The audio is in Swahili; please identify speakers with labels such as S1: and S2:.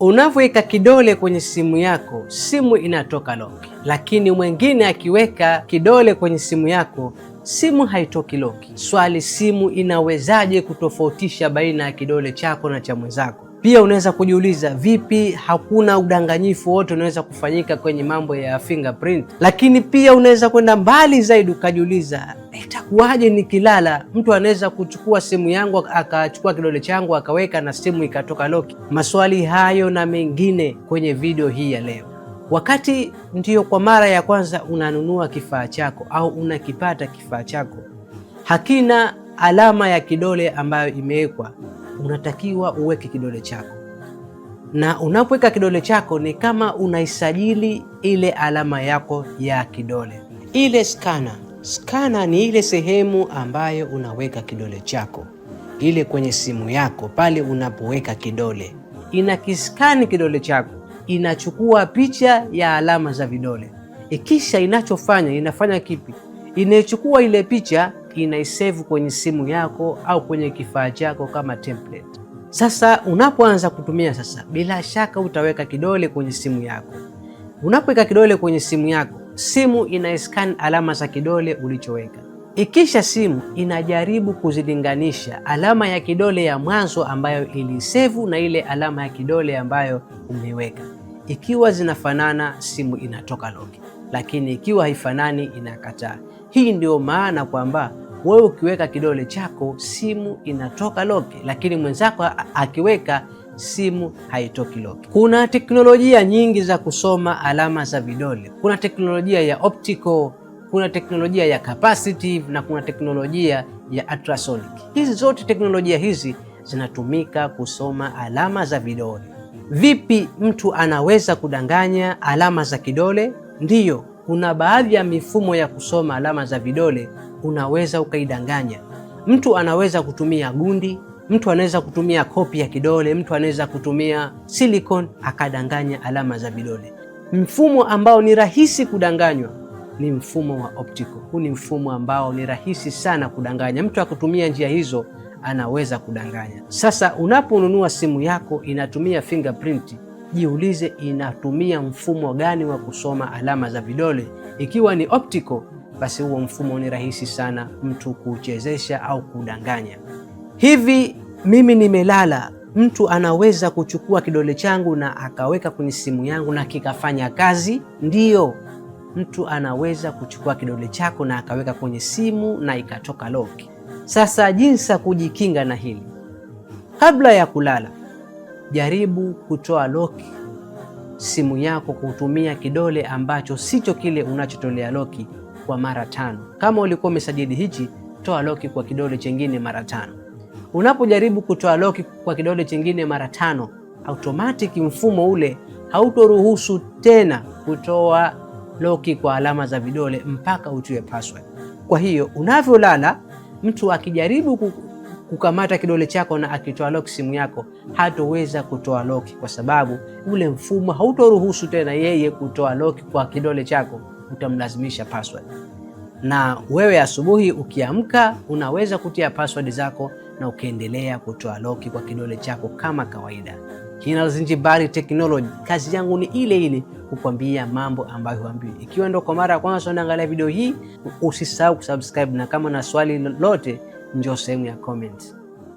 S1: Unavyoweka kidole kwenye simu yako, simu inatoka loki, lakini mwingine akiweka kidole kwenye simu yako, simu haitoki loki. Swali, simu inawezaje kutofautisha baina ya kidole chako na cha mwenzako? Pia unaweza kujiuliza vipi, hakuna udanganyifu wote unaweza kufanyika kwenye mambo ya fingerprint. Lakini pia unaweza kwenda mbali zaidi ukajiuliza itakuwaje nikilala mtu anaweza kuchukua simu yangu akachukua kidole changu akaweka na simu ikatoka loki? Maswali hayo na mengine kwenye video hii ya leo. Wakati ndiyo kwa mara ya kwanza unanunua kifaa chako au unakipata kifaa chako, hakina alama ya kidole ambayo imewekwa, unatakiwa uweke kidole chako, na unapoweka kidole chako ni kama unaisajili ile alama yako ya kidole. Ile skana Skana ni ile sehemu ambayo unaweka kidole chako, ile kwenye simu yako pale unapoweka kidole, inakiskani kidole chako, inachukua picha ya alama za vidole. Ikisha inachofanya inafanya kipi? Inachukua ile picha inaisevu kwenye simu yako au kwenye kifaa chako kama template. Sasa unapoanza kutumia sasa, bila shaka utaweka kidole kwenye simu yako. Unapoweka kidole kwenye simu yako simu inaiscan alama za kidole ulichoweka. Ikisha simu inajaribu kuzilinganisha alama ya kidole ya mwanzo ambayo ilisevu na ile alama ya kidole ambayo umeweka Ikiwa zinafanana, simu inatoka logi, lakini ikiwa haifanani, inakataa. Hii ndio maana kwamba wewe ukiweka kidole chako simu inatoka logi, lakini mwenzako akiweka simu haitoki loki. Kuna teknolojia nyingi za kusoma alama za vidole. Kuna teknolojia ya optical, kuna teknolojia ya capacitive na kuna teknolojia ya ultrasonic. Hizi zote teknolojia hizi zinatumika kusoma alama za vidole. Vipi mtu anaweza kudanganya alama za kidole? Ndiyo, kuna baadhi ya mifumo ya kusoma alama za vidole unaweza ukaidanganya. Mtu anaweza kutumia gundi, Mtu anaweza kutumia kopi ya kidole, mtu anaweza kutumia silicon akadanganya alama za vidole. Mfumo ambao ni rahisi kudanganywa ni mfumo wa optical. Huu ni mfumo ambao ni rahisi sana kudanganya. Mtu akitumia njia hizo anaweza kudanganya. Sasa unaponunua simu yako inatumia fingerprint, jiulize inatumia mfumo gani wa kusoma alama za vidole? Ikiwa ni optical, basi huo mfumo ni rahisi sana mtu kuchezesha au kudanganya hivi mimi nimelala, mtu anaweza kuchukua kidole changu na akaweka kwenye simu yangu na kikafanya kazi? Ndiyo, mtu anaweza kuchukua kidole chako na akaweka kwenye simu na ikatoka loki. Sasa jinsi ya kujikinga na hili, kabla ya kulala, jaribu kutoa loki simu yako kutumia kidole ambacho sicho kile unachotolea loki kwa mara tano. Kama ulikuwa umesajili hichi, toa loki kwa kidole chengine mara tano. Unapojaribu kutoa loki kwa kidole chingine mara tano, automatic mfumo ule hautoruhusu tena kutoa loki kwa alama za vidole mpaka utiwe password. Kwa hiyo unavyolala, mtu akijaribu kukamata kidole chako na akitoa lock simu yako, hatoweza kutoa lock kwa sababu ule mfumo hautoruhusu tena yeye kutoa lock kwa kidole chako, utamlazimisha password na wewe asubuhi ukiamka unaweza kutia password zako na ukaendelea kutoa loki kwa kidole chako kama kawaida. Kinal Zinjibari Technology, kazi yangu ni ile ile kukwambia mambo ambayo huambiwi. Ikiwa ndo kwa mara ya kwanza unaangalia video hii, usisahau kusubscribe, na kama na swali lolote, njoo sehemu ya comment.